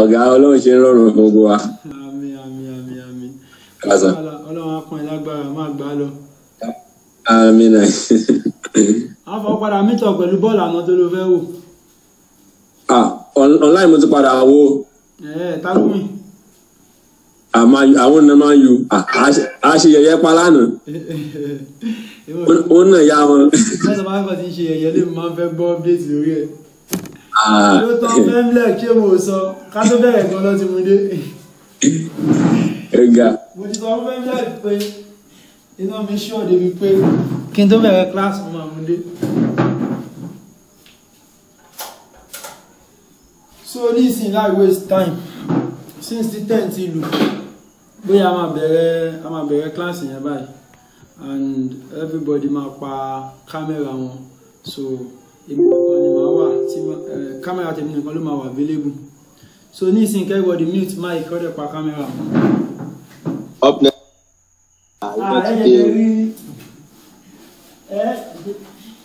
ọ̀gá ọlọ́run ṣe rọrùn gbogbo wa. àmín Ami, ami, àmín ọlọ́run á pọ́n ẹ lágbára má gbà á lọ. Ami náà. a fọ padà mítọ̀ pẹ̀lú bọ́ọ̀lù àná tó ló fẹ́ wò. online mo ti padà wo. ẹ ẹ tágùn àwọn náà máa yu a ṣe yẹyẹ pa lánàá ó nà ya wọn. mẹ́sàn-án máa ń kọ́ ti ṣe yẹyẹ lè máa ń fẹ́ gbọ́ bíèsì lórí ẹ̀. Ah. So this fẹ́ńlẹ̀ like waste time since the ten ti lù bóyá a máa bẹ̀rẹ̀ a máa bẹ̀rẹ̀ kíláàsì yẹn báyìí and everybody máa pa kámẹ́rà wọn so èmi kọ́kọ́ ní tí kámẹ́rà tèmi nìkan ló máa wà available so ní ìsìn everybody mute mic kọ́ dẹ̀ pa kámẹ́rà. up next. àyẹ̀yẹ̀ ah, rí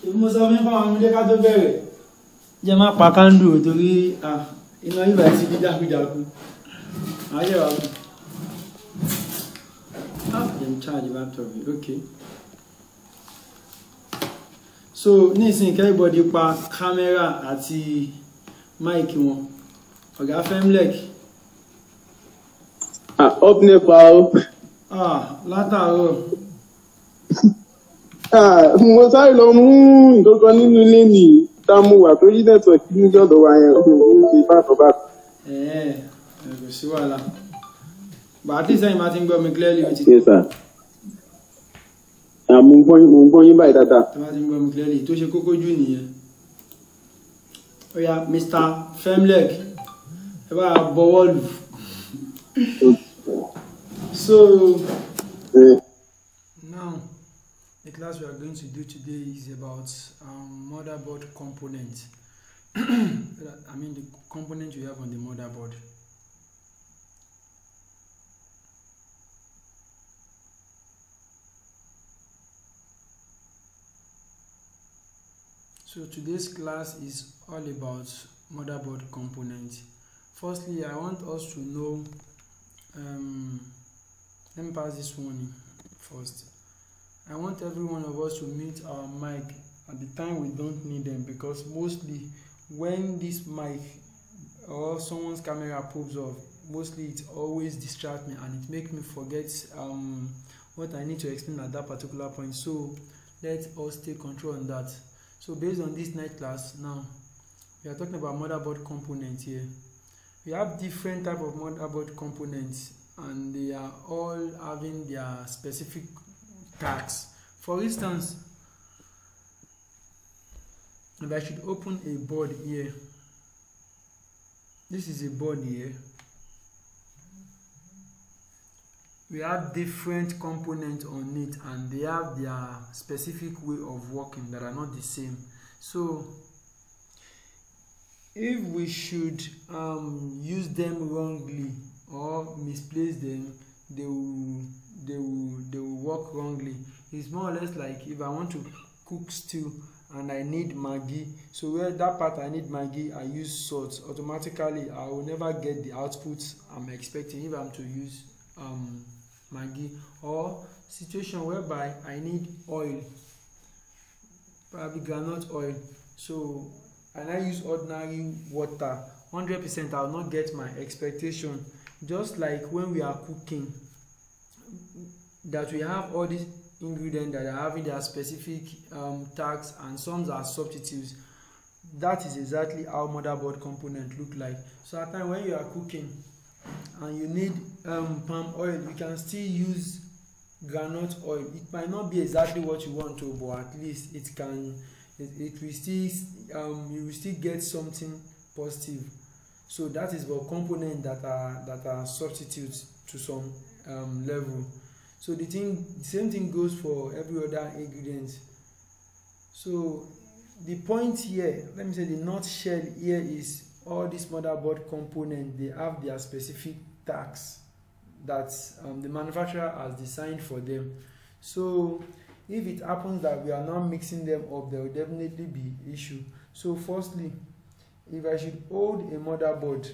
ẹ mo sọ fún fáwọn ọmọdé ká tó bẹ̀rẹ̀ jẹ́ má pa kándù torí ah, iná yìí bá ti di jákujáku àyẹ̀wò àbí. Ah, Then charge laptop. Okay so nísìnyí everybody pa kámẹ́rà àti máìkì wọn ọ̀gá Femlek. Ah, up nípa o. Ah, látàárọ̀. Ah, mo sáré lọ mú ìdọ́gbọ́n nínú ilé nìyí tá a mú wà tó yí nẹ́tọ̀ọ̀kì níjọ́ ọ̀dọ̀ wa yẹn kò ní ṣe bákan bákan. ẹ ẹ kò sí wàhálà bàtí sẹ́yìn máa ti ń gbọ́ mi clearly ó ti. Ah, mo ń gbọ́ mo ń yín báyìí dáadáa. tí wọ́n ti ń gbọ́ mi clearly tó ṣe kókó jù nìyẹn. ó Mr. Femleg ẹ bá a bọwọ́ lù. so now the class we are going to do today is about um, motherboard components. I mean the components you have on the motherboard. So today's class is all about motherboard components. Firstly, I want us to know, um, let me pass this one first. I want every one of us to meet our mic at the time we don't need them because mostly when this mic or someone's camera pulls off, mostly it always distracts me and it makes me forget um, what I need to explain at that particular point. So let us take control on that. So based on this night class now, we are talking about motherboard components here. We have different type of motherboard components and they are all having their specific tasks. For instance, if I should open a board here, this is a board here we have different components on it and they have their specific way of working that are not the same so if we should um, use them wrongly or misplace them they will they will they will work wrongly it's more or less like if i want to cook stew and i need maggi so where that part i need maggi i use salt automatically i will never get the output i'm expecting if i'm to use um, Maggi or situation whereby I need oil probably groundnut oil so and I use ordinary water 100% I will not get my expectation just like when we are cooking that we have all these ingredients that are having their specific um, tags and some are substitutes that is exactly how motherboard component look like so at time when you are cooking and you need um, palm oil you can still use groundnut oil it might not be exactly what you want to but at least it can it, it will still um, you will still get something positive so that is for component that are that are substitutes to some um, level so the thing the same thing goes for every other ingredient so the point here let me say the nutshell here is all these motherboard components they have their specific tags that um, the manufacturer has designed for them. So if it happens that we are not mixing them up, there will definitely be issue. So firstly, if I should hold a motherboard,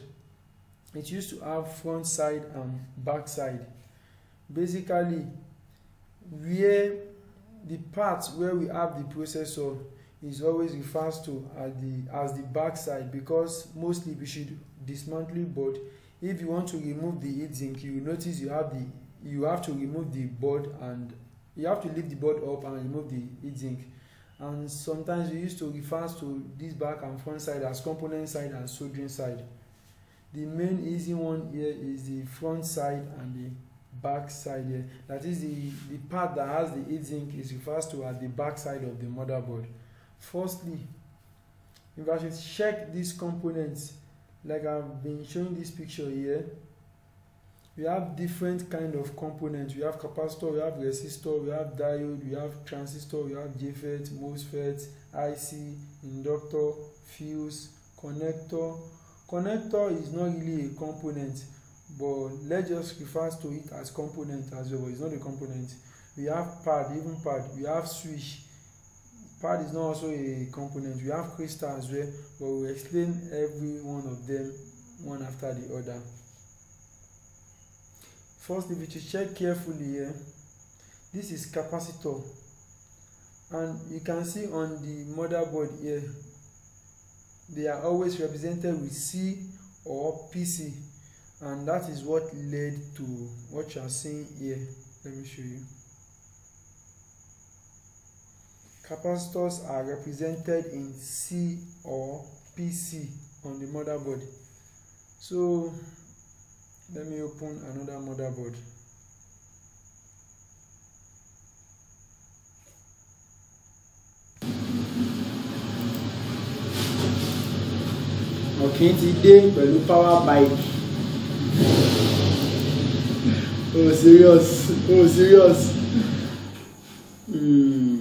it used to have front side and back side. Basically, where the part where we have the processor is always referred to as the as the back side because mostly we should dismantle board. but if you want to remove the heat zinc you notice you have the you have to remove the board and you have to lift the board up and remove the heat zinc and sometimes we used to refer to this back and front side as component side and soldering side the main easy one here is the front side and the back side here that is the the part that has the heat zinc is referred to as the back side of the motherboard firstly if i should check these components like I've been showing this picture here we have different kind of components we have capacitor we have resistor we have diode we have transistor we have JFET MOSFET IC inductor fuse connector connector is not really a component but let's just refer to it as component as well it's not a component we have pad even pad we have switch Part is not also a component. We have crystal as well, but we explain every one of them one after the other. First, if you check carefully here, this is capacitor. And you can see on the motherboard here, they are always represented with C or PC. And that is what led to what you are seeing here. Let me show you. capacitors are represented in C or PC on the motherboard so let me open another motherboard Okay, today we pẹ̀lú power bike oh serious oh serious. Mm.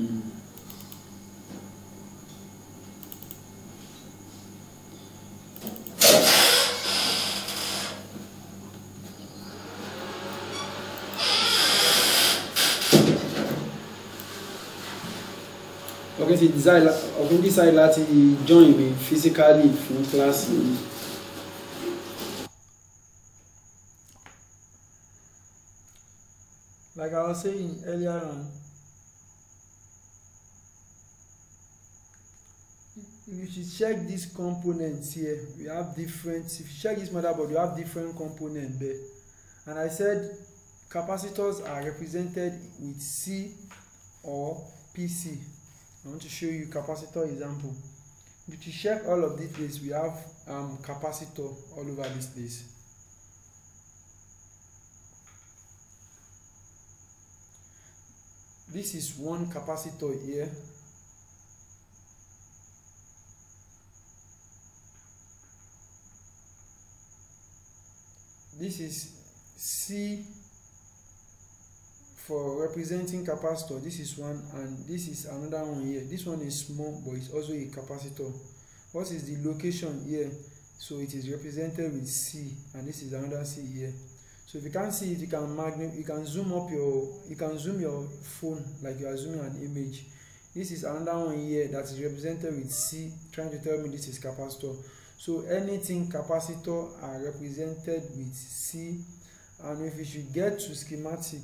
ti design ọ̀tún design láti join mi physically fún class, yìí. Like I was saying earlier on, you should check these components here. We have different, if you check this motherboard, you have different components there. And I said capacitors are represented with C or PC. I want to show you capacitor example. If you check all of these days, we have um, capacitor all over this place. This is one capacitor here. This is C for representing capacitor this is one and this is another one here this one is small but it's also a capacitor what is the location here so it is represented with c and this is another c here so if you can't see it you can magnet you can zoom up your you can zoom your phone like you are zooming an image this is another one here that is represented with c trying to tell me this is capacitor so anything capacitor are represented with c and if you should get to schematic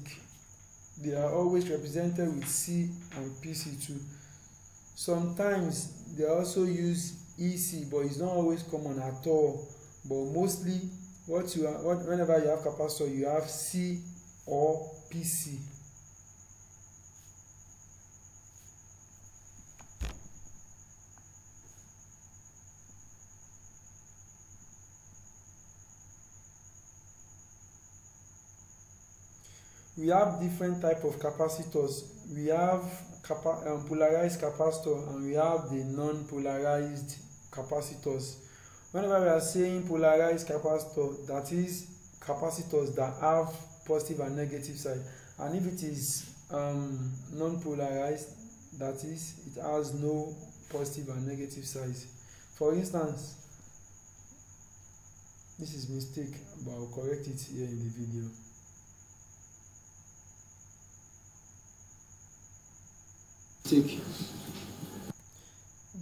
they are always represented with C and PC2. Sometimes they also use EC, but it's not always common at all. But mostly, what you are, what, whenever you have capacitor, you have C or PC. we have different type of capacitors we have capa um, polarized capacitor and we have the non-polarized capacitors whenever we are saying polarized capacitor that is capacitors that have positive and negative side and if it is um, non-polarized that is it has no positive and negative side. for instance this is mistake but I will correct it here in the video Take.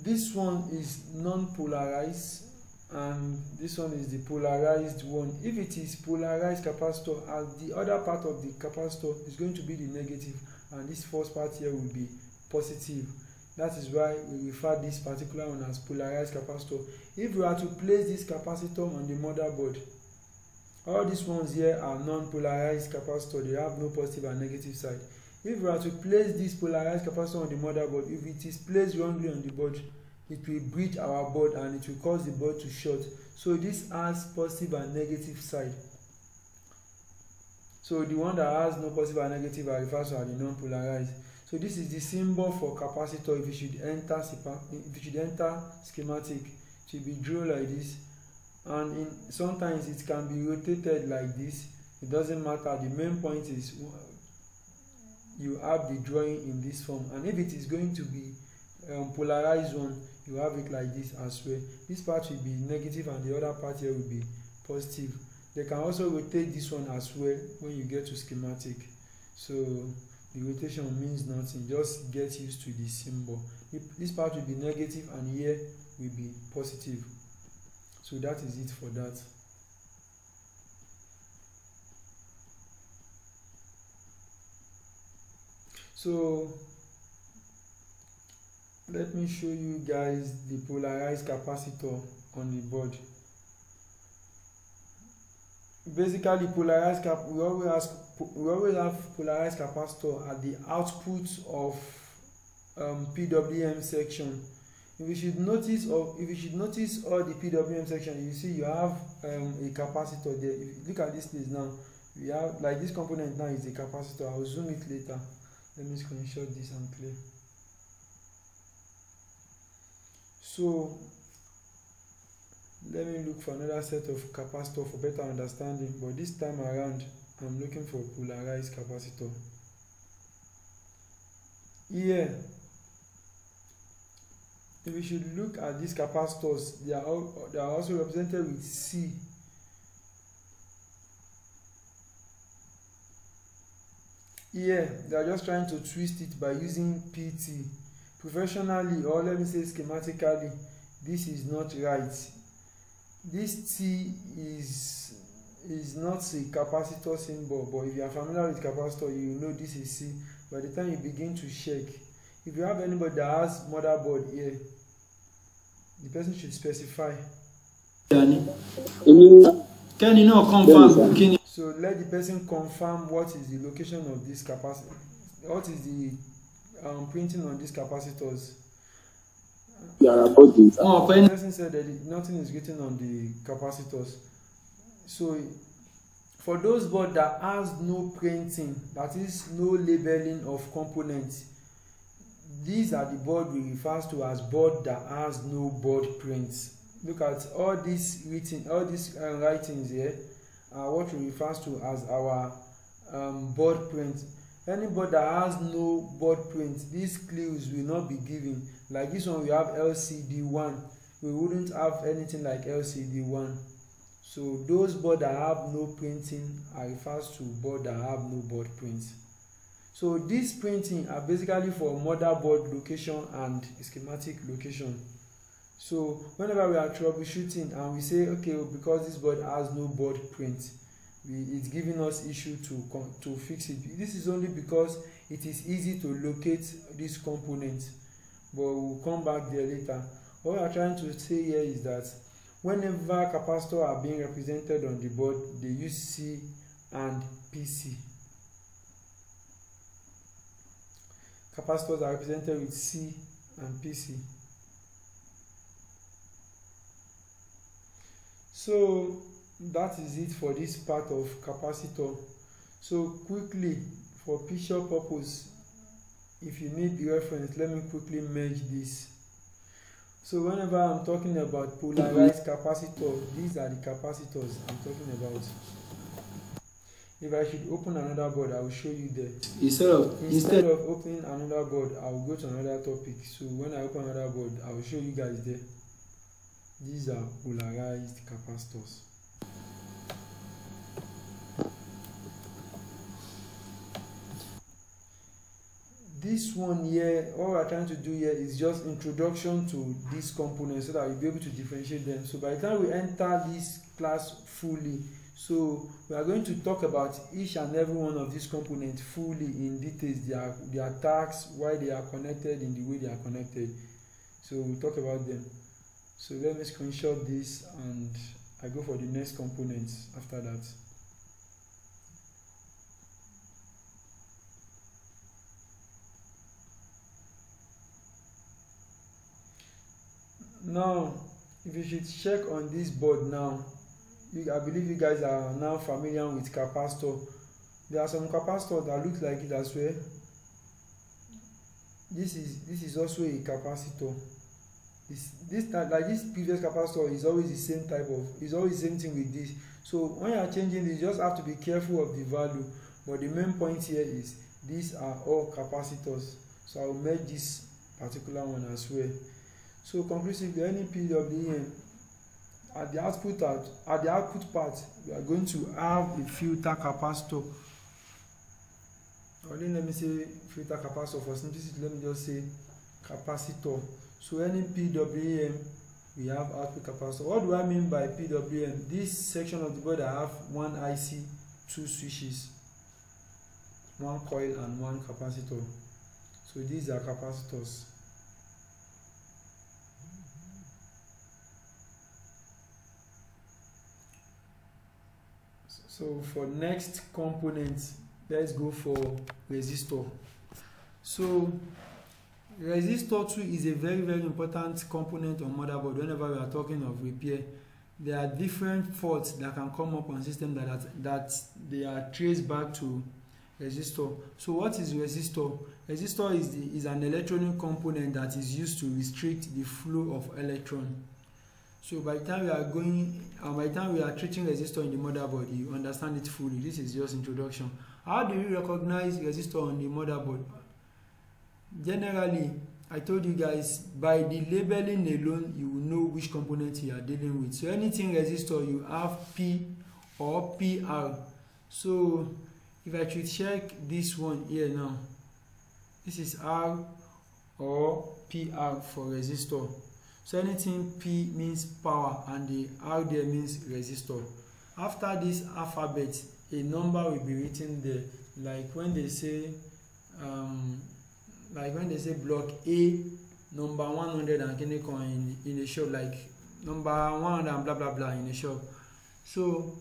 This one is non-polarized and this one is the polarized one. If it is polarized capacitor and the other part of the capacitor is going to be the negative and this first part here will be positive. That is why we refer this particular one as polarized capacitor. If we are to place this capacitor on the motherboard, all these ones here are non-polarized capacitor. They have no positive and negative side. If we are to place this polarized capacitor on the motherboard, if it is placed wrongly on the board, it will breach our board and it will cause the board to short. So this has positive and negative side. So the one that has no positive and negative are referred to the non-polarized. So this is the symbol for capacitor if you should enter if you should enter schematic. It should be drawn like this and in sometimes it can be rotated like this. It doesn't matter. The main point is you have the drawing in this form and if it is going to be um, polarized one you have it like this as well this part will be negative and the other part here will be positive they can also rotate this one as well when you get to schematic so the rotation means nothing just get used to the symbol this part will be negative and here will be positive so that is it for that so let me show you guys the polarized capacitor on the board basically polarized cap we always ask we always have polarized capacitor at the output of um, PWM section if you should notice or if you should notice all the PWM section you see you have um, a capacitor there if you look at this place now we have like this component now is a capacitor I will zoom it later let me screenshot this and clear so let me look for another set of capacitor for better understanding but this time around i'm looking for polarized capacitor here if we should look at these capacitors they are all they are also represented with c Yeah, they are just trying to twist it by using pt professionally or let me say schematically this is not right this t is is not a capacitor symbol but if you are familiar with capacitor you know this is c by the time you begin to check if you have anybody that has motherboard here the person should specify. can you náà confam kí ni. So let the person confirm what is the location of this capacitor, what is the um, printing on these capacitors. Yeah, about this. Oh, the person said that it, nothing is written on the capacitors. So for those board that has no printing, that is no labeling of components, these are the board we refer to as board that has no board prints. Look at all these written, all these uh, writings here uh, what we refer to as our um, board print anybody that has no board print these clues will not be given like this one we have lcd1 we wouldn't have anything like lcd1 so those board that have no printing are refers to board that have no board print so these printing are basically for motherboard location and schematic location So whenever we are troubleshooting and we say, okay, because this board has no board print, we, it's giving us issue to, to fix it. This is only because it is easy to locate this component, but we'll come back there later. What we are trying to say here is that whenever capacitors are being represented on the board, they use C and PC. Capacitors are represented with C and PC. so that is it for this part of capacitor so quickly for picture purpose if you need the reference let me quickly merge this so whenever i'm talking about polarized capacitor these are the capacitors i'm talking about if i should open another board i will show you there instead of instead, instead of opening another board i will go to another topic so when i open another board i will show you guys there These are polarized capacitors. This one here, all are trying to do here is just introduction to these components so that we'll be able to differentiate them. So by the time we enter this class fully, so we are going to talk about each and every one of these components fully in details, their, their tasks, why they are connected in the way they are connected. So we'll talk about them so let me screenshot this and I go for the next component after that now if you should check on this board now you, I believe you guys are now familiar with capacitor there are some capacitor that look like it as well this is this is also a capacitor this this like this previous capacitor is always the same type of is always the same thing with this so when you are changing this you just have to be careful of the value but the main point here is these are all capacitors so i will make this particular one as well so conclusively any pwm at the output at, at the output part we are going to have a filter capacitor only let me say filter capacitor for simplicity let me just say capacitor So any PWM, we have output capacitor. What do I mean by PWM? This section of the board I have one IC, two switches, one coil and one capacitor. So these are capacitors. So for next component, let's go for resistor. So resistor too is a very very important component on motherboard whenever we are talking of repair there are different faults that can come up on system that that, that they are traced back to resistor so what is resistor resistor is the, is an electronic component that is used to restrict the flow of electron so by the time we are going and by the time we are treating resistor in the motherboard you understand it fully this is just introduction how do you recognize resistor on the motherboard generally i told you guys by the labeling alone you will know which component you are dealing with so anything resistor you have p or pr so if i should check this one here now this is r or pr for resistor so anything p means power and the r there means resistor after this alphabet a number will be written there like when they say um, like when they say block A number one hundred and kini kan in, in a shop like number 100 and blah blah blah in a shop so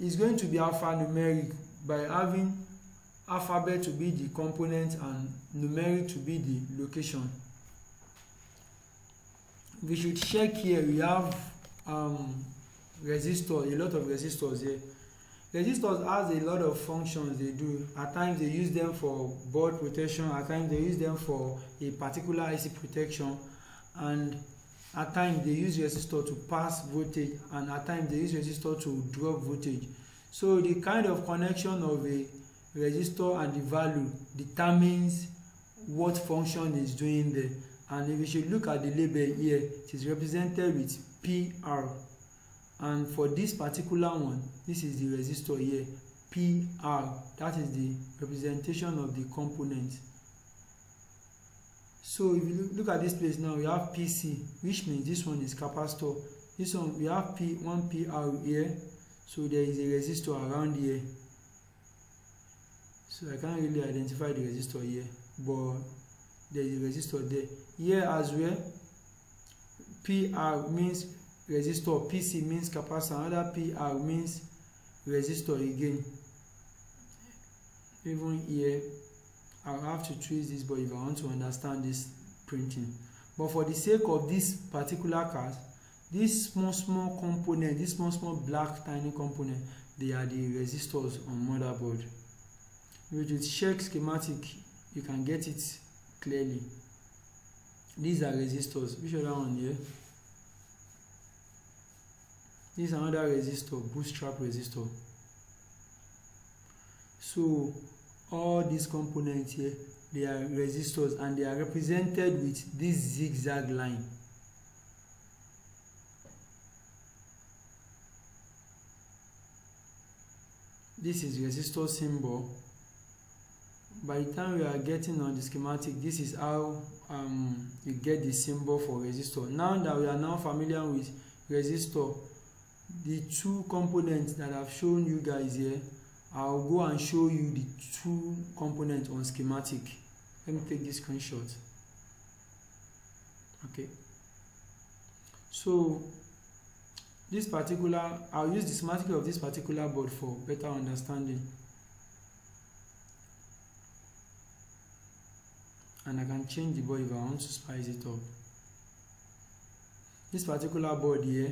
it's going to be alphanumeric by having alphabet to be the component and numeric to be the location we should check here we have um resistor a lot of resistors here Resistors has a lot of functions they do. At times they use them for board protection, at times they use them for a particular IC protection, and at times they use resistor to pass voltage, and at times they use resistor to drop voltage. So the kind of connection of a resistor and the value determines what function is doing there. And if you should look at the label here, it is represented with PR and for this particular one this is the resistor here PR that is the representation of the component so if you look at this place now we have PC which means this one is capacitor this one we have P one PR here so there is a resistor around here so I can't really identify the resistor here but there is a resistor there here as well PR means resistor pc means capacitor another pr means resistor again even here i'll have to choose this but if i want to understand this printing but for the sake of this particular card this small small component this small small black tiny component they are the resistors on motherboard if you check schematic you can get it clearly these are resistors which other one here this is another resistor bootstrap resistor so all these components here they are resistors and they are represented with this zigzag line this is resistor symbol by the time we are getting on the schematic this is how um, you get the symbol for resistor now that we are now familiar with resistor the two components that I've shown you guys here I'll go and show you the two components on schematic let me take this screenshot okay so this particular I'll use the schematic of this particular board for better understanding and I can change the board if I want to spice it up this particular board here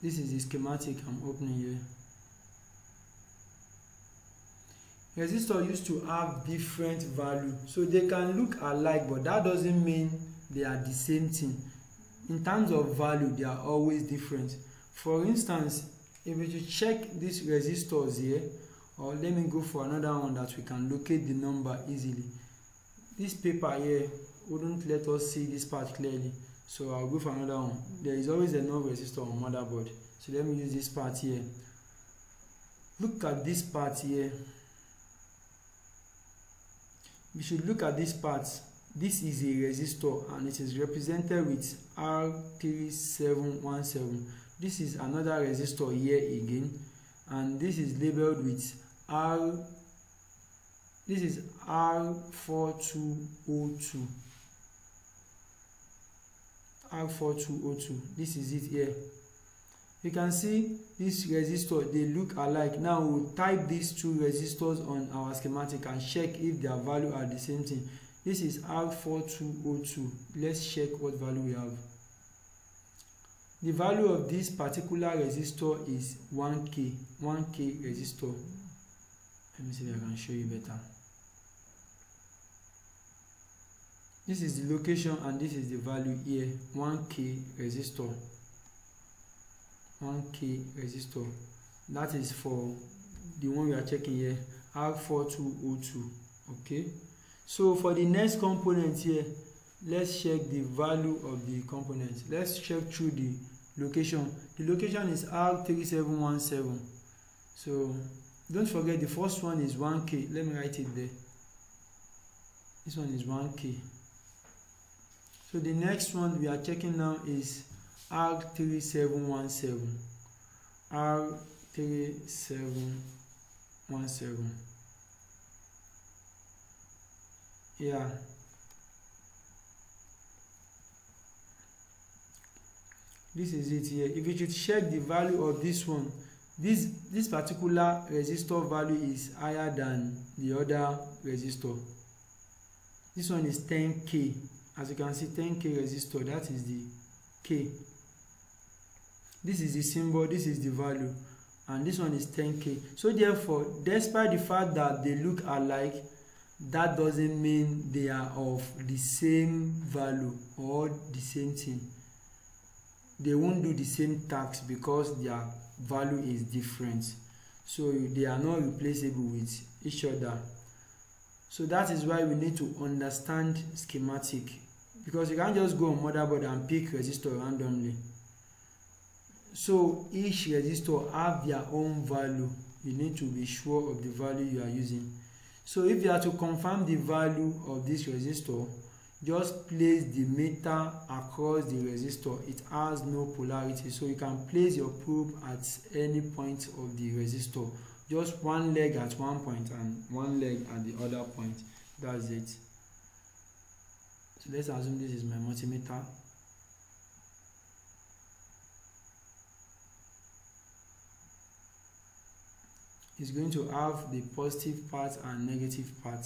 This is the schematic I'm opening here. Resistor used to have different value. So they can look alike, but that doesn't mean they are the same thing. In terms of value, they are always different. For instance, if you check these resistors here, or let me go for another one that we can locate the number easily. This paper here wouldn't let us see this part clearly. So I'll go for another one. There is always a null resistor on motherboard. So let me use this part here. Look at this part here. We should look at this part. This is a resistor and it is represented with R3717. This is another resistor here again and this is labeled with R this is R4202 R4202 this is it here you can see this resistor they look alike now we'll type these two resistors on our schematic and check if their value are the same thing this is R4202 let's check what value we have the value of this particular resistor is 1k 1k resistor let me see if i can show you better this is the location and this is the value here 1k resistor 1k resistor that is for the one we are checking here r4202 okay so for the next component here let's check the value of the component let's check through the location the location is r3717 so don't forget the first one is 1k let me write it there this one is 1k So the next one we are checking now is R3717. R3717. Yeah. This is it here. If you should check the value of this one, this this particular resistor value is higher than the other resistor. This one is 10k As you can see, 10K resistor, that is the K. This is the symbol, this is the value, and this one is 10K. So therefore, despite the fact that they look alike, that doesn't mean they are of the same value or the same thing. They won't do the same tax because their value is different. So they are not replaceable with each other. So that is why we need to understand schematic because you can't just go on motherboard and pick resistor randomly so each resistor have their own value you need to be sure of the value you are using so if you are to confirm the value of this resistor just place the meter across the resistor it has no polarity so you can place your probe at any point of the resistor just one leg at one point and one leg at the other point that's it let's assume this is my multimeter it's going to have the positive part and negative part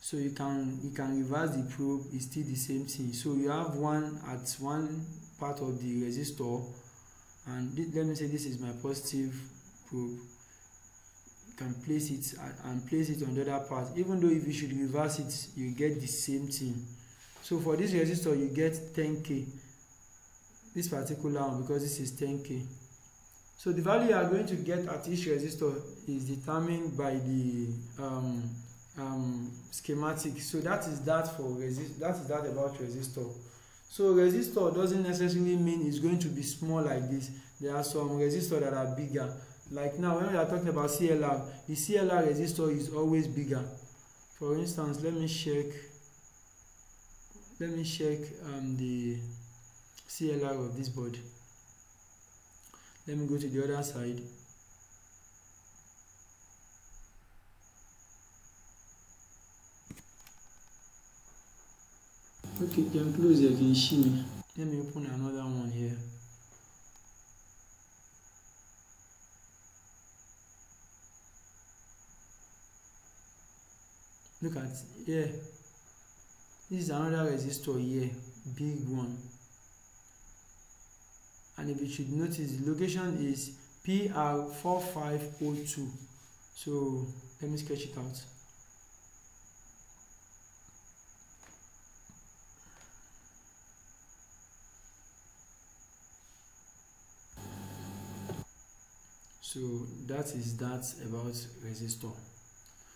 so you can you can reverse the probe it's still the same thing so you have one at one part of the resistor and let me say this is my positive probe you can place it and place it on the other part even though if you should reverse it you get the same thing so for this resistor you get 10k this particular one because this is 10k so the value you are going to get at each resistor is determined by the um, um, schematic so that is that for resist that is that about resistor so resistor doesn't necessarily mean it's going to be small like this there are some resistor that are bigger like now when we are talking about clr the clr resistor is always bigger for instance let me check let me check um, the CLR of this board let me go to the other side okay can close here can see me let me open another one here look at yeah. this is another resistor here big one and if you should notice the location is PR4502 so let me sketch it out so that is that about resistor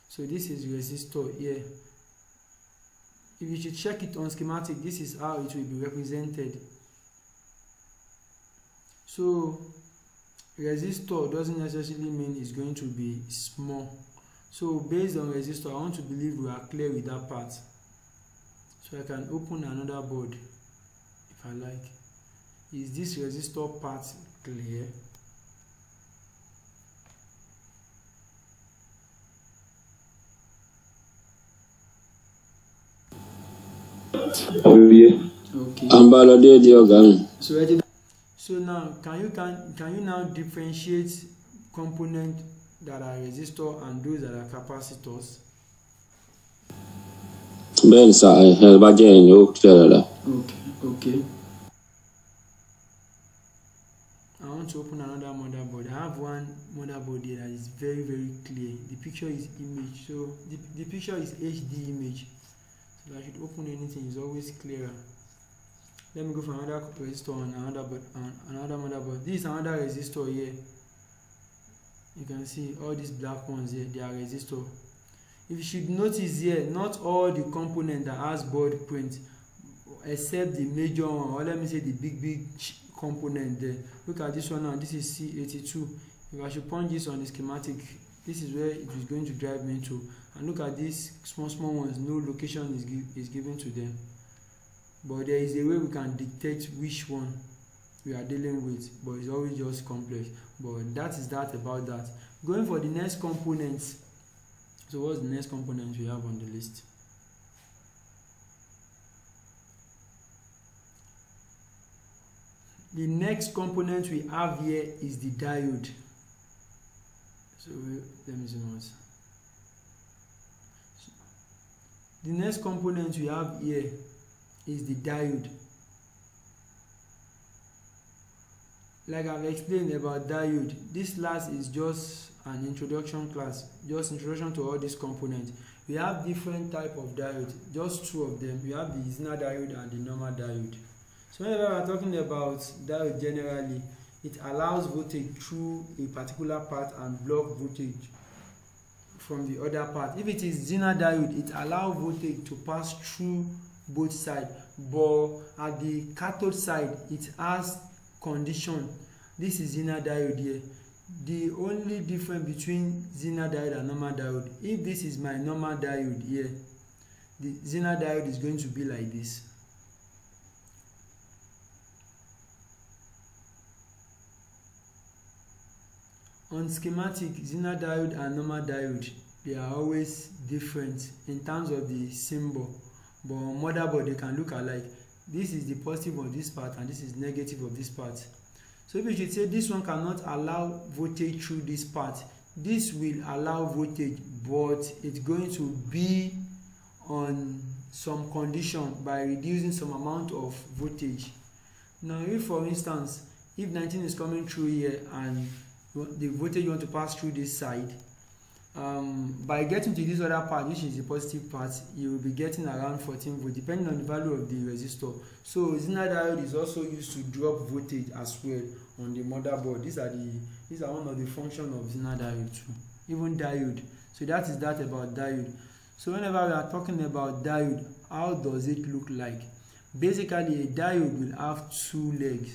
so this is resistor here if you should check it on schematic this is how it will be represented so resistor doesn't necessarily mean it's going to be small so based on resistor i want to believe we are clear with that part so i can open another board if i like is this resistor part clear I'm Balade Diogan. So now, can you can can you now differentiate component that are resistor and those that are capacitors? bẹ́ẹ̀ni sá ẹ bá jẹ okay okay. I want to open another motherboard. I have one motherboard here that is very very clear. The picture is image so the, the picture is HD image. If I should open anything, it's always clearer. Let me go for another resistor and another, but another motherboard. This is another resistor here. You can see all these black ones here, they are resistor. If you should notice here, not all the component that has board print, except the major one, or let me say the big, big component there. Look at this one now, this is C82. If I should punch this on the schematic, this is where it is going to drive me to and look at these small small ones no location is, give, is given to them but there is a way we can dictate which one we are dealing with but it's always just complex but that is that about that going for the next component so what's the next component we have on the list the next component we have here is the diode Sorry, let me So, the next component we have here is the diode. Like I've explained about diode, this class is just an introduction class, just introduction to all these components. We have different type of diode, just two of them. We have the zener diode and the normal diode. So whenever we are talking about diode generally, it allows voltage through a particular path and block voltage from the other path if it is zener diode it allows voltage to pass through both sides but at the cathode side it has condition this is zener diode here the only difference between zener diode and normal diode if this is my normal diode here the zener diode is going to be like this On schematic, Zener diode and normal diode, they are always different in terms of the symbol. But on motherboard, they can look alike. This is the positive of this part and this is negative of this part. So if you should say this one cannot allow voltage through this part, this will allow voltage, but it's going to be on some condition by reducing some amount of voltage. Now if for instance, if 19 is coming through here and the voltage you want to pass through this side um, by getting to this other part which is the positive part you will be getting around 14 volt depending on the value of the resistor so zener diode is also used to drop voltage as well on the motherboard these are the these are one of the function of zener diode too even diode so that is that about diode so whenever we are talking about diode how does it look like basically a diode will have two legs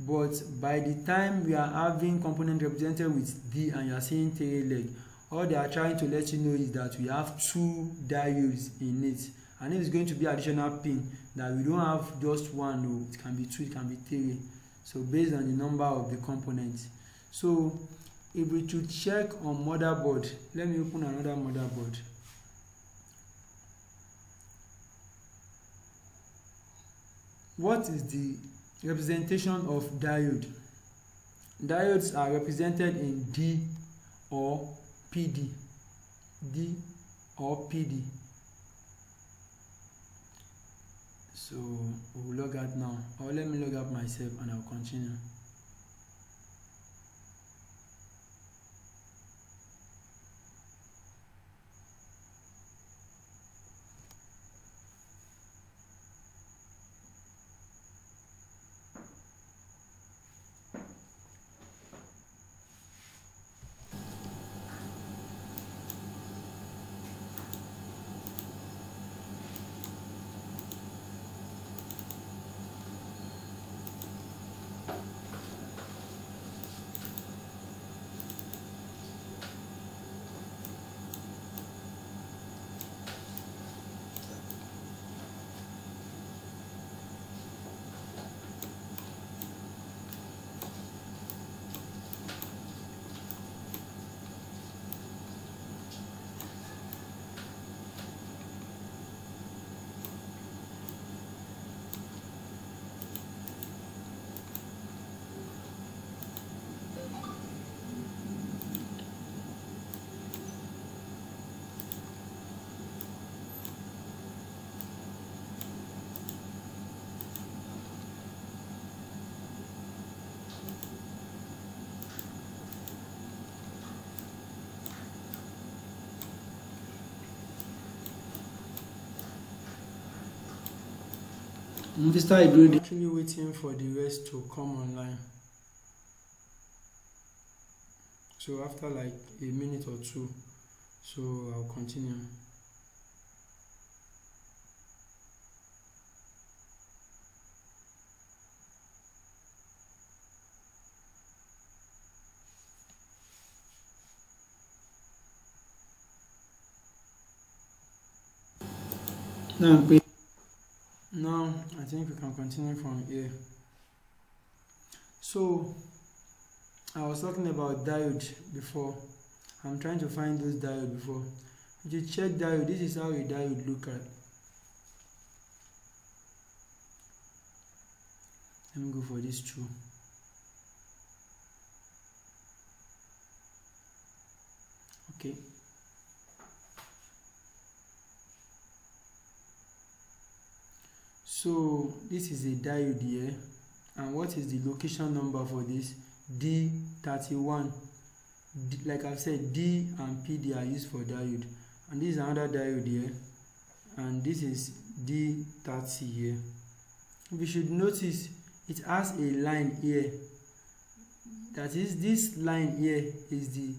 but by the time we are having component represented with d and you are seeing tail leg all they are trying to let you know is that we have two diodes in it and if it's going to be additional pin that we don't have just one no it can be two it can be three so based on the number of the components so if we should check on motherboard let me open another motherboard what is the representation of diode diodes are represented in d or pd d or pd so we'll log out now or let me log out myself and i'll continue Mr. Ibrahim. Actually waiting for the rest to come online. So after like a minute or two, so I'll continue. Now, I'm continuing from here. So I was talking about diode before. I'm trying to find those diode before. If you check diode, this is how a diode look at. Let me go for this two. Okay. so this is a diode here and what is the location number for this d31 d, like i said d and pd are used for diode and this is another diode here and this is d30 here we should notice it has a line here that is this line here is the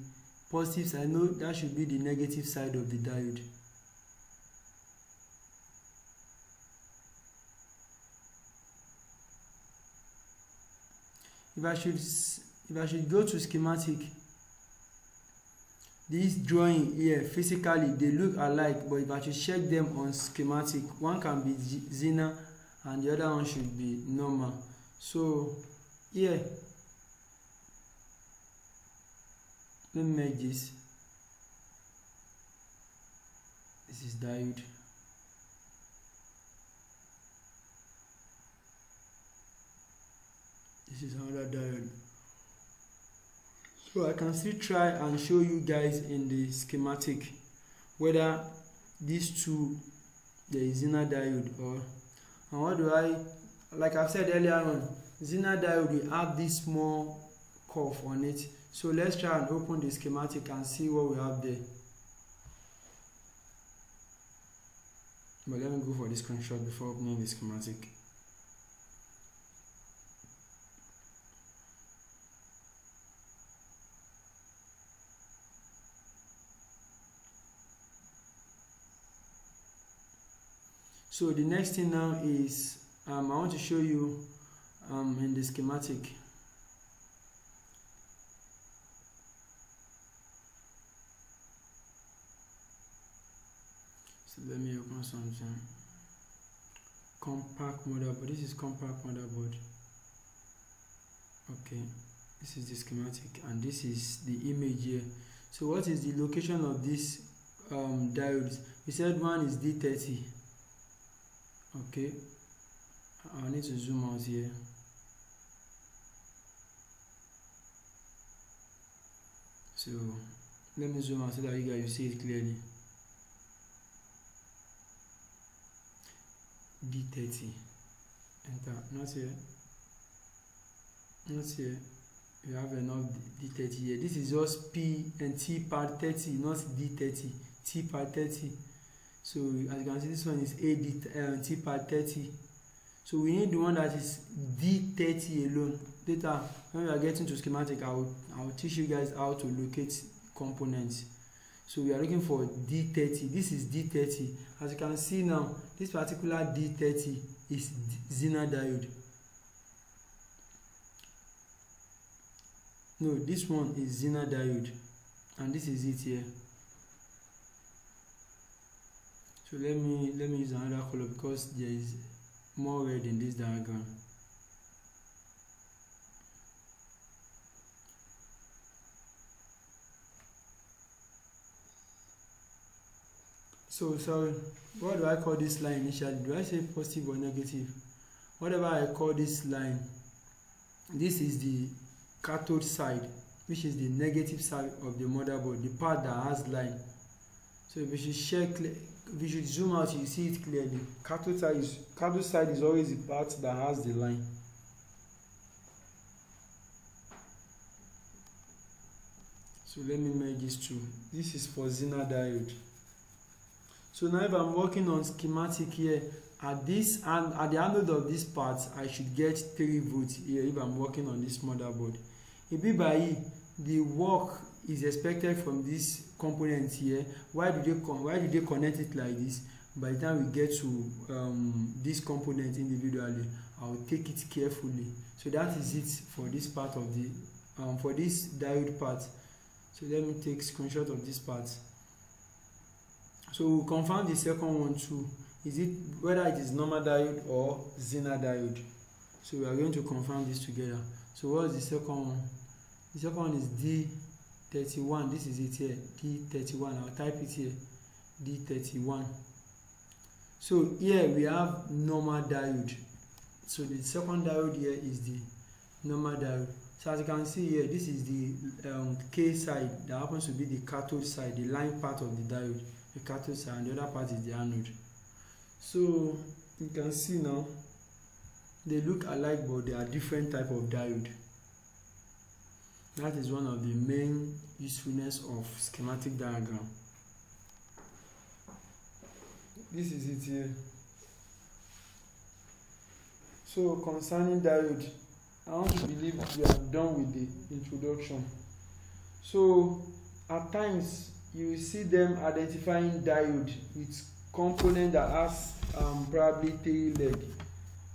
positive side no that should be the negative side of the diode if I should if I should go to schematic this drawing here physically they look alike but if I should check them on schematic one can be Zener and the other one should be normal so here let me make this this is diode this is another diode so I can still try and show you guys in the schematic whether these two there is inner diode or and what do I like I've said earlier on Zener diode will have this small curve on it so let's try and open the schematic and see what we have there but let me go for this screenshot before opening the schematic so the next thing now is um, I want to show you um, in the schematic so let me open something compact motherboard this is compact motherboard okay this is the schematic and this is the image here so what is the location of these um, diodes we said one is D30 okay ah, I need to zoom out here so let me zoom out so that you guys you see it clearly D30 enter not here not here you have enough D30 here this is just P and T part 30 not D30 T part 30 So as you can see, this one is AD uh, T part 30. So we need the one that is D30 alone. Later, when we are getting to schematic, I will, I will teach you guys how to locate components. So we are looking for D30. This is D30. As you can see now, this particular D30 is Zener diode. No, this one is Zener diode. And this is it here. so let me let me use another color because there is more red in this diagram so sorry what do i call this line initially do i say positive or negative whatever i call this line this is the cathode side which is the negative side of the motherboard the part that has line so if you check share we should zoom out you see it clearly cattle side is cattle side is always the part that has the line so let me make this two this is for zener diode so now if i'm working on schematic here at this and at the anode of this part i should get three volts here if i'm working on this motherboard ebi bayi the work is expected from this components here why do they con why do they connect it like this by the time we get to um, this component individually I'll take it carefully so that is it for this part of the um, for this diode part so let me take screenshot of this part so we'll confirm the second one too is it whether it is normal diode or zener diode so we are going to confirm this together so what's the second one the second one is d 31 this is it here d31 i'll type it here d31 so here we have normal diode so the second diode here is the normal diode so as you can see here this is the um, k side that happens to be the cathode side the line part of the diode the cathode side and the other part is the anode so you can see now they look alike but they are different type of diode That is one of the main usefulness of schematic diagram. This is it here. So concerning diode, I want to believe we are done with the introduction. So at times you see them identifying diode with component that has um, probably three leg.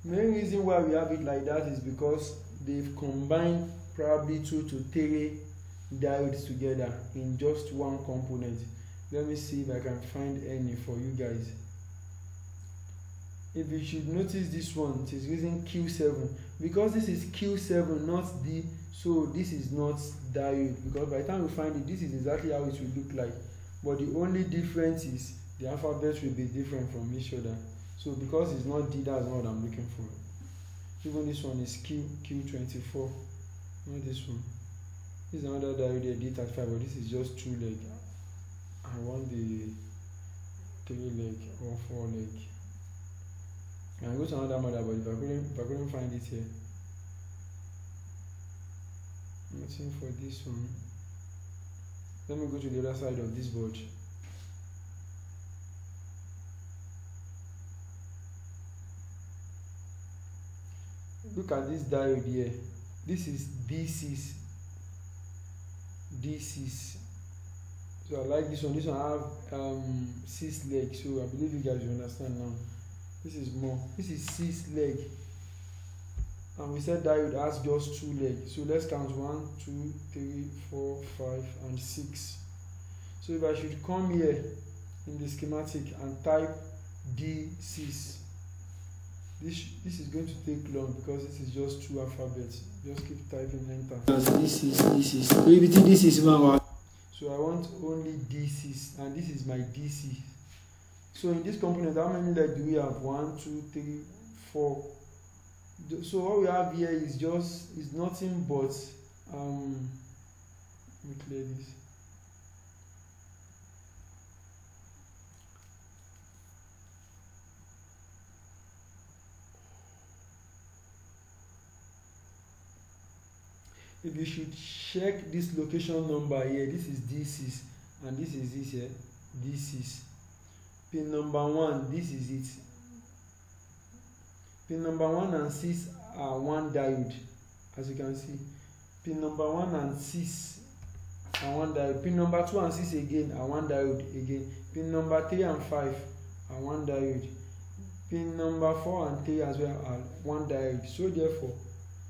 Main reason why we have it like that is because they've combined probably two to three diodes together in just one component let me see if i can find any for you guys if you should notice this one it is using q7 because this is q7 not d so this is not diode because by the time we find it this is exactly how it will look like but the only difference is the alphabet will be different from each other so because it's not d that's not what i'm looking for even this one is q q24 not this one this is another diary there d five, but this is just two leg i want the three leg or four leg i go to another model but if i couldn't if i couldn't find it here i'm waiting for this one let me go to the other side of this board look at this diode here this is d6 d6 so i like this one this one have um six leg so i believe you guys understand now this is more this is six leg and we said that diode has just two leg so let's count one two three four five and six so if i should come here in the schematic and type d6 This, this is going to take long because this is just two alphabets. Just keep typing enter. This is, this is. So everything this is one So I want only DCs and this is my DC. So in this component, how many legs do we have? One, two, three, four. So what we have here is just, is nothing but, um, let me clear this. if you should check this location number here this is this is, and this is this here This is pin number one this is it pin number one and six are one diode as you can see pin number one and six are one diode pin number two and six again are one diode again pin number three and five are one diode pin number four and three as well are one diode so therefore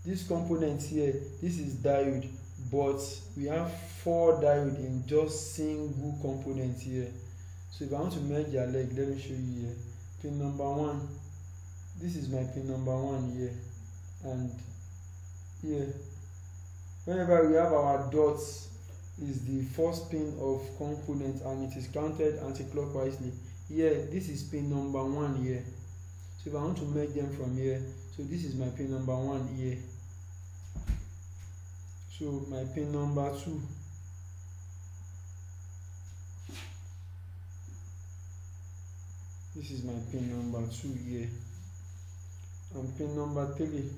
this component here this is diode but we have four diode in just single component here so if i want to merge their leg let me show you here pin number one this is my pin number one here and here whenever we have our dots is the first pin of component and it is counted anti-clockwise here this is pin number one here so if i want to merge them from here so this is my pin number one here so my pin number two this is my pin number two here and pin number three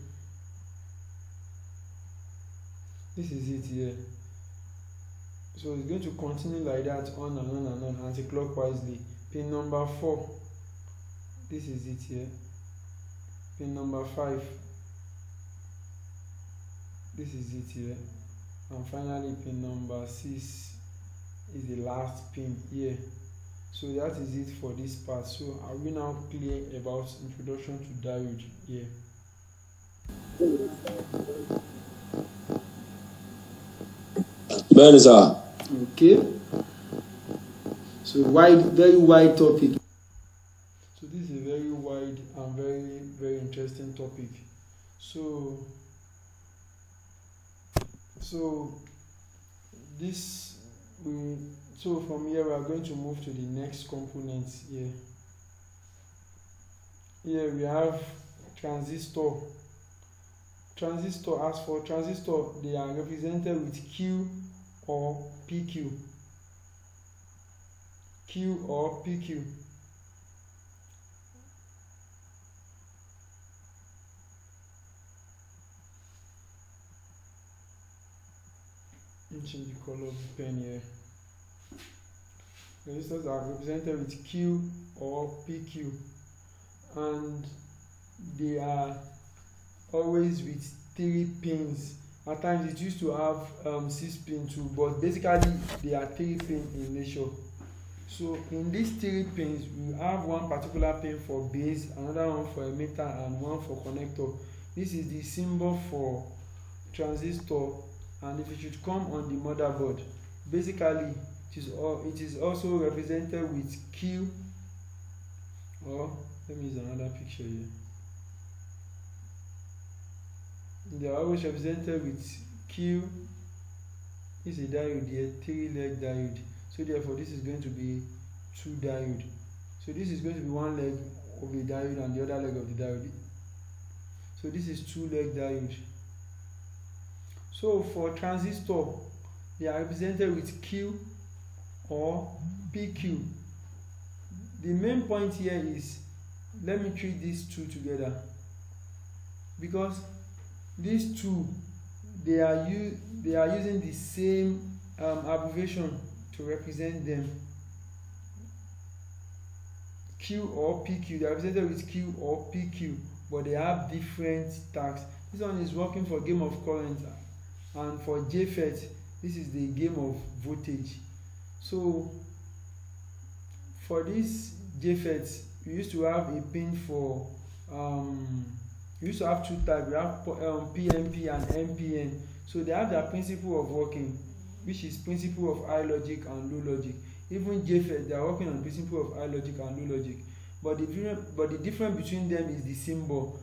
this is it here so it's going to continue like that on and on and on anti-clockwise pin number four this is it here pin number five this is it here and finally pin number 6 is the last pin here so that is it for this part so are we now clear about introduction to diode here bẹ́ẹ̀ni sá. okay so wide very wide topic. so this is a very wide and very very interesting topic so. so this will so from here we are going to move to the next component here here we have transistor transistor as for transistor they are represented with q or pq q or pq and the color of the pen here resistors are represented with Q or PQ and they are always with three pins at times it used to have um, six pin too but basically they are three pin in nature so in these three pins we have one particular pin for base another one for emitter and one for connector this is the symbol for transistor and if it should come on the motherboard basically it is all it is also represented with q or let me use another picture here they are always represented with q is a diode here three leg diode so therefore this is going to be two diode so this is going to be one leg of the diode and the other leg of the diode so this is two leg diode so for transistor, they are represented with Q or PQ. The main point here is, let me treat these two together. Because these two, they are, they are using the same um, abbreviation to represent them. Q or PQ, they are represented with Q or PQ, but they have different tags. This one is working for game of coins. and for JFET this is the game of voltage so for this JFET we used to have a pin for um, we used to have two types we have um, PMP and MPN so they have their principle of working which is principle of high logic and low logic even JFET they are working on principle of high logic and low logic but the but the difference between them is the symbol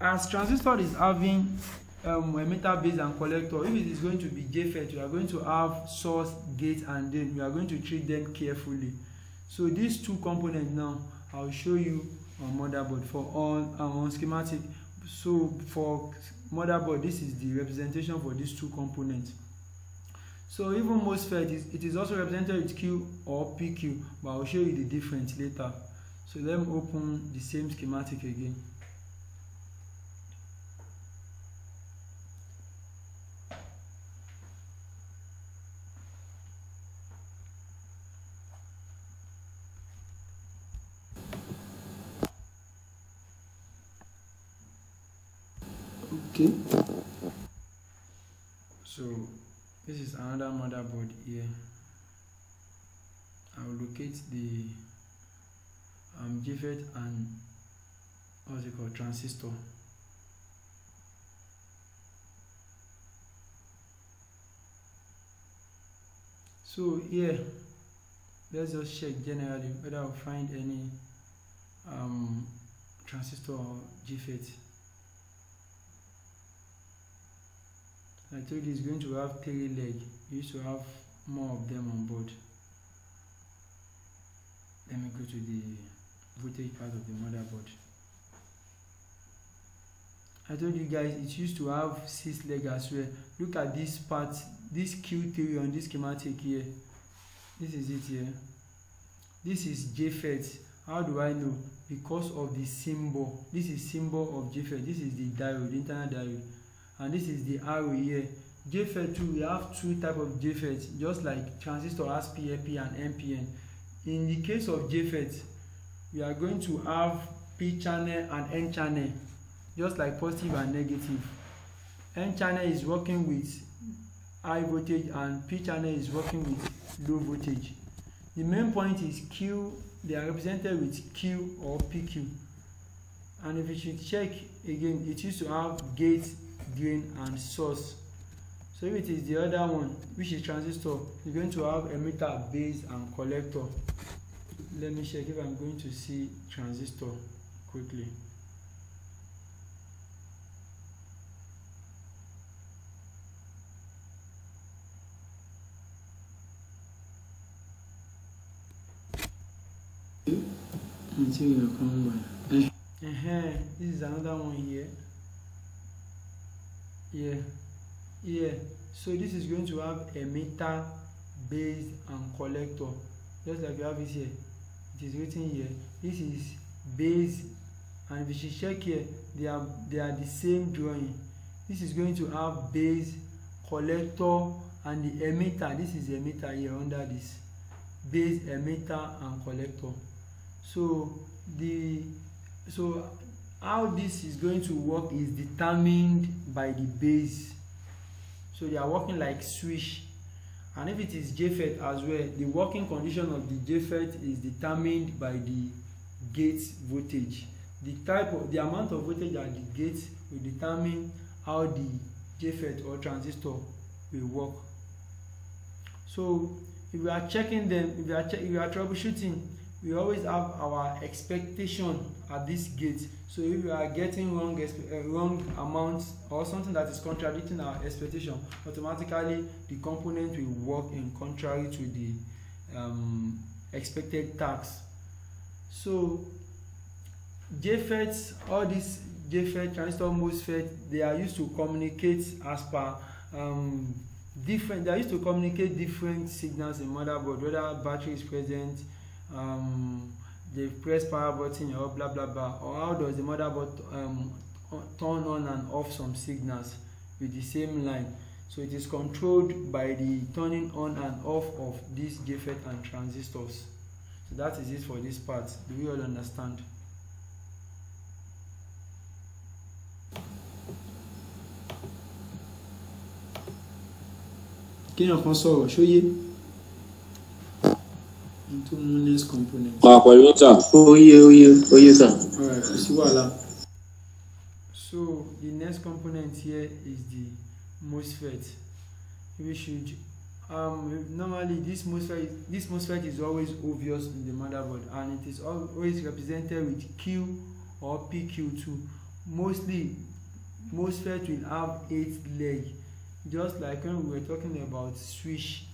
as transistor is having um, emitter base and collector if it is going to be JFET you are going to have source gate and then you are going to treat them carefully so these two components now I'll show you on motherboard for on uh, on schematic so for motherboard this is the representation for these two components so even MOSFET is, it is also represented with Q or PQ but I'll show you the difference later so let me open the same schematic again so this is another motherboard here I'll locate the um, GFET and what's it called transistor so here let's just check generally whether I'll find any um, transistor or GFET I told you it's going to have three legs you used to have more of them on board let me go to the voltage part of the motherboard I told you guys it used to have six legs as well look at this part this Q3 on this schematic here this is it here this is JFET how do I know because of the symbol this is symbol of JFET this is the diode internal diode and this is the arrow here JFET we have two type of JFET just like transistor ASP, and NPN in the case of JFET we are going to have P channel and N channel just like positive and negative N channel is working with high voltage and P channel is working with low voltage the main point is Q they are represented with Q or PQ and if you should check again it used to have gates gain and source so if it is the other one which is transistor you're going to have emitter base and collector let me check if i'm going to see transistor quickly until you come by. Uh -huh. This is another one here. here here so this is going to have a emitter base and collector just like you have it here it is written here this is base and if you check here they are they are the same drawing this is going to have base collector and the emitter this is emitter here under this base emitter and collector so the so how this is going to work is determined by the base so they are working like switch and if it is JFET as well the working condition of the JFET is determined by the gate voltage the type of the amount of voltage at the gate will determine how the JFET or transistor will work so if we are checking them if we are, if we are troubleshooting we always have our expectation at this gate so if we are getting wrong uh, wrong amount or something that is contradicting our expectation automatically the component will work in contrary to the um, expected tax so jfet all these jfet transistor mosfet they are used to communicate as per um, different they are used to communicate different signals in motherboard whether battery is present um, they press power button or blah blah blah or how does the motherboard um, turn on and off some signals with the same line so it is controlled by the turning on and off of these JFET and transistors so that is it for this part do we all understand kí ni ọkàn sọ̀rọ̀ ṣóyé tó mú next component. àpò ìwé sà. oyè oyè alright kò sí so the next component here is the MOSFET we should um, normally this MOSFET this MOSFET is always obvious in the motherboard and it is always represented with Q or PQ2 mostly MOSFET will have eight leg just like when we were talking about switch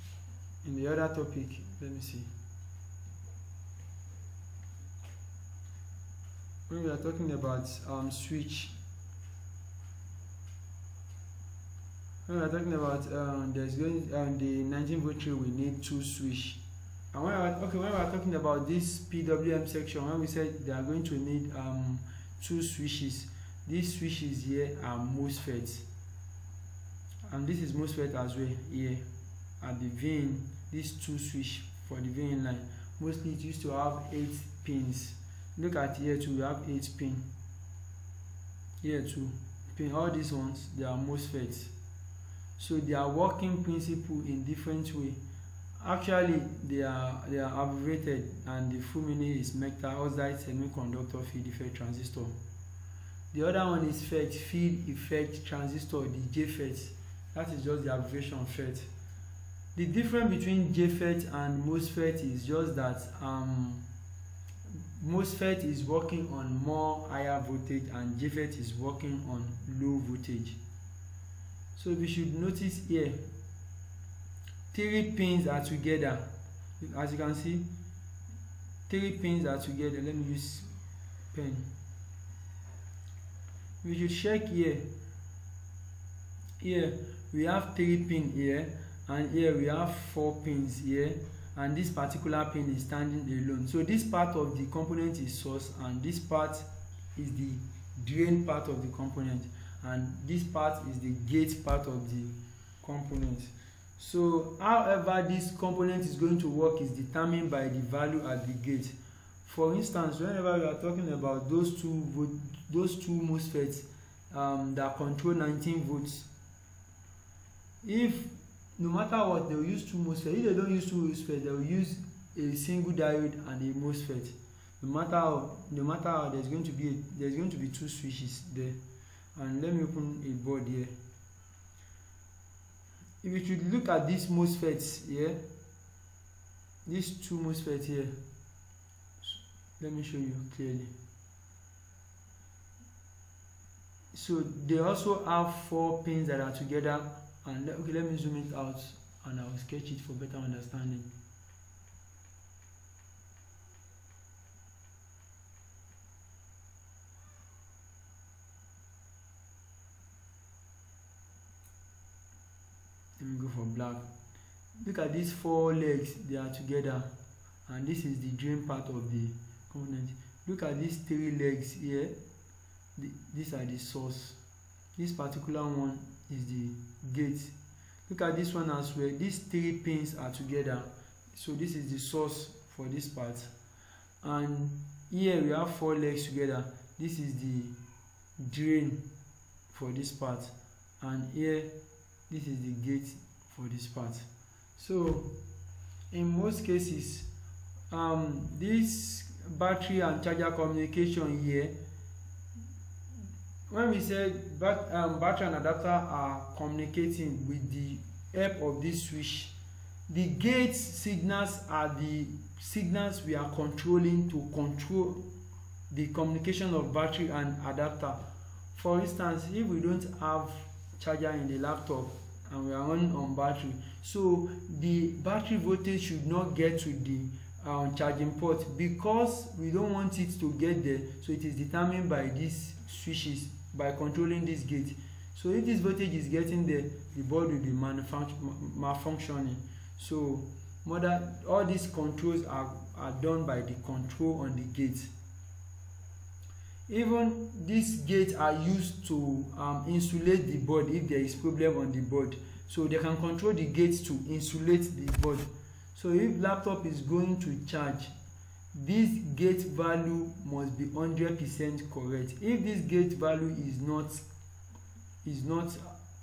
in the other topic let me see when we are talking about um, switch when we are talking about um, there's going um, the 19 volt tree, we need two switch and when are, okay when we are talking about this PWM section when we said they are going to need um, two switches these switches here are MOSFETs and this is MOSFET as well here at the vein these two switch for the vein line mostly it used to have eight pins look at here too we have eight pin here two pin all these ones they are MOSFETs so they are working principle in different way actually they are they are abbreviated and the full meaning is metal oxide semiconductor field effect transistor the other one is FET field effect transistor the JFET that is just the abbreviation FET the difference between JFET and MOSFET is just that um, MOSFET is working on more higher voltage and JFET is working on low voltage. So we should notice here, three pins are together. As you can see, three pins are together. Let me use pen. We should check here. Here we have three pins here and here we have four pins here and this particular pin is standing alone so this part of the component is source and this part is the drain part of the component and this part is the gate part of the component so however this component is going to work is determined by the value at the gate for instance whenever we are talking about those two those two MOSFETs um, that control 19 volts if no matter what they will use two MOSFET if they don't use two MOSFET they will use a single diode and a MOSFET no matter how no matter how there's going to be a, there's going to be two switches there and let me open a board here if you should look at these MOSFETs here these two MOSFETs here let me show you clearly so they also have four pins that are together and okay let me zoom it out and I'll sketch it for better understanding let me go for black look at these four legs they are together and this is the joint part of the component look at these three legs here the, these are the source this particular one is the gate look at this one as well these three pins are together so this is the source for this part and here we have four legs together this is the drain for this part and here this is the gate for this part so in most cases um, this battery and charger communication here when we say bat um, battery and adapter are communicating with the help of this switch the gate signals are the signals we are controlling to control the communication of battery and adapter for instance if we don't have charger in the laptop and we are running on battery so the battery voltage should not get to the um, charging port because we don't want it to get there so it is determined by these switches by controlling this gate so if this voltage is getting there the board will be malfunctioning so mother all these controls are, are done by the control on the gate even these gates are used to um, insulate the board if there is problem on the board so they can control the gates to insulate the board so if laptop is going to charge this gate value must be hundred percent correct if this gate value is not is not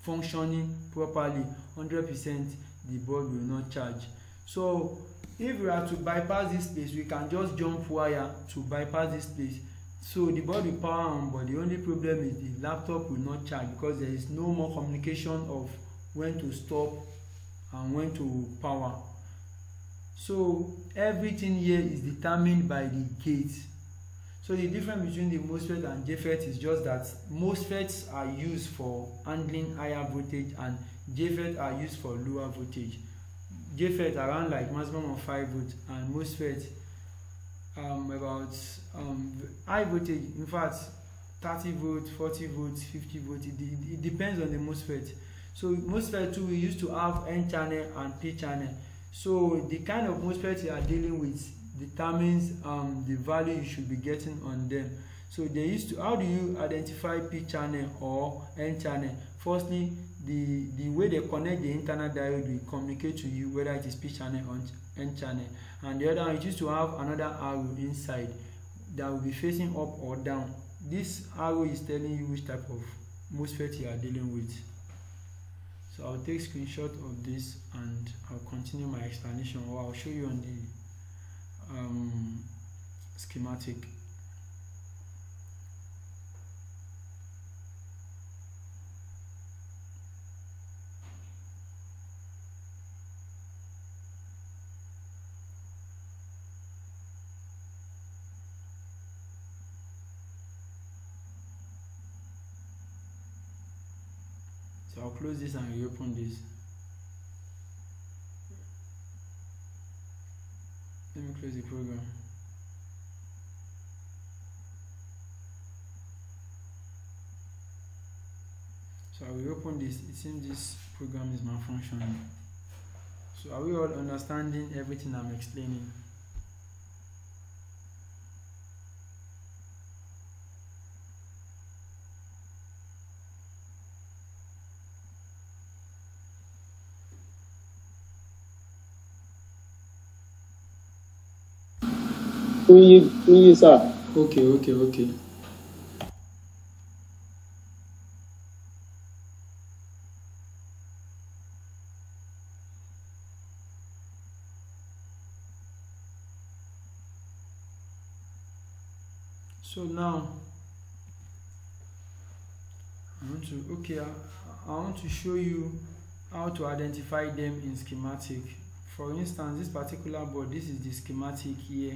functioning properly hundred percent the board will not charge so if we are to bypass this place we can just jump wire to bypass this place so the board will power on but the only problem is the laptop will not charge because there is no more communication of when to stop and when to power So everything here is determined by the gate. So the difference between the MOSFET and JFET is just that MOSFETs are used for handling higher voltage and JFET are used for lower voltage. JFET around like maximum of 5 volts and MOSFET um, about um, high voltage, in fact 30 volts, 40 volts, 50 volts, it, it depends on the MOSFET. So MOSFET too we used to have N channel and P channel. So the kind of prospects you are dealing with determines um, the value you should be getting on them. So they used to how do you identify P channel or N channel? Firstly, the the way they connect the internal diode will communicate to you whether it is P channel or N channel. And the other one is used to have another arrow inside that will be facing up or down. This arrow is telling you which type of MOSFET you are dealing with. so I'll take screenshot of this and I'll continue my explanation or I'll show you on the um, schematic open this let me close the program so I will open this it seems this program is malfunctioning so are we all understanding everything I'm explaining Túnyí Túnyí sà. ok ok ok. so now I want to okay I, I want to show you how to identify them in schematic for instance this particular board this is the schematic here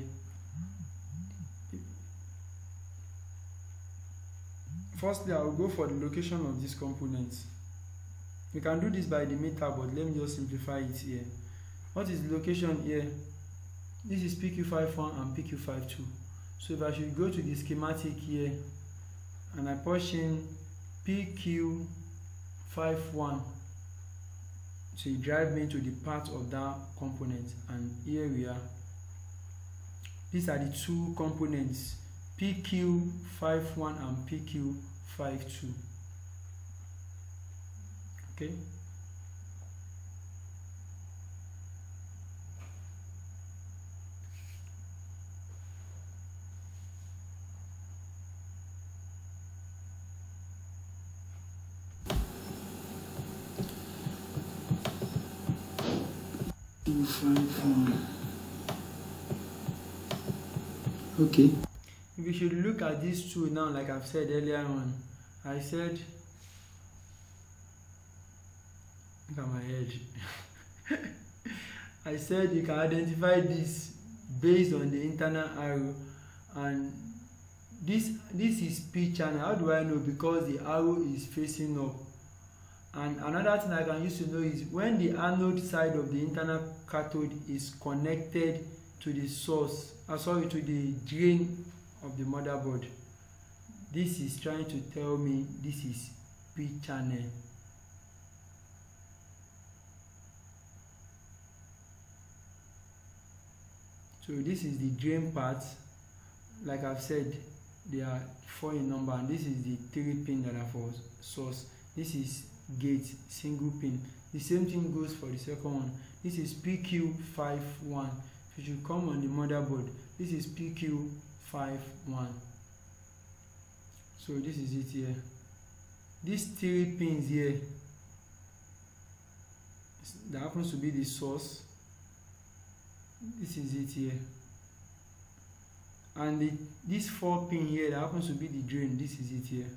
firstly i will go for the location of this component we can do this by the meter but let me just simplify it here what is the location here this is pq51 and pq52 so if i should go to the schematic here and i push in pq51 so it drive me to the part of that component and here we are these are the two components PQ51 and PQ52. Okay. Um, okay. we should look at these two now, like I've said earlier on. I said, look at my head. I said you can identify this based on the internal arrow and this this is P channel. How do I know? Because the arrow is facing up. And another thing I can use to know is when the anode side of the internal cathode is connected to the source, uh, sorry, to the drain of the motherboard this is trying to tell me this is p channel so this is the drain part like i've said they are four in number and this is the three pin that are for source this is gate single pin the same thing goes for the second one this is pq51 if you come on the motherboard this is pq 5 1 so this is it here these three pins here that happens to be the source this is it here and the, this four pin here that happens to be the drain this is it here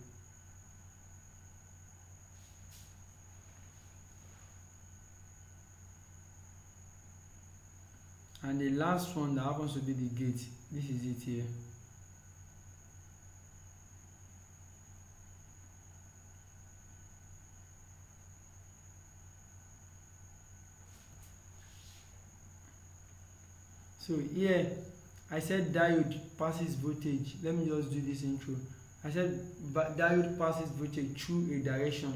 and the last one that happens to be the gate this is it here so here I said diode passes voltage let me just do this intro I said diode passes voltage through a direction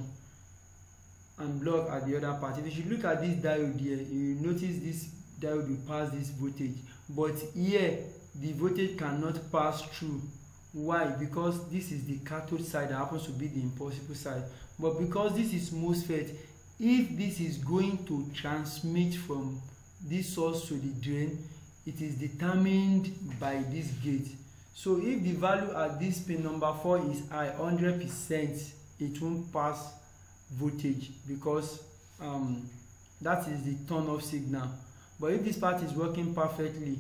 and block at the other part if you look at this diode here you notice this diode will pass this voltage but here the voltage cannot pass through why because this is the cathode side that happens to be the impossible side but because this is MOSFET if this is going to transmit from this source to the drain it is determined by this gate so if the value at this pin number four is high hundred percent it won't pass voltage because um, that is the turn off signal but if this part is working perfectly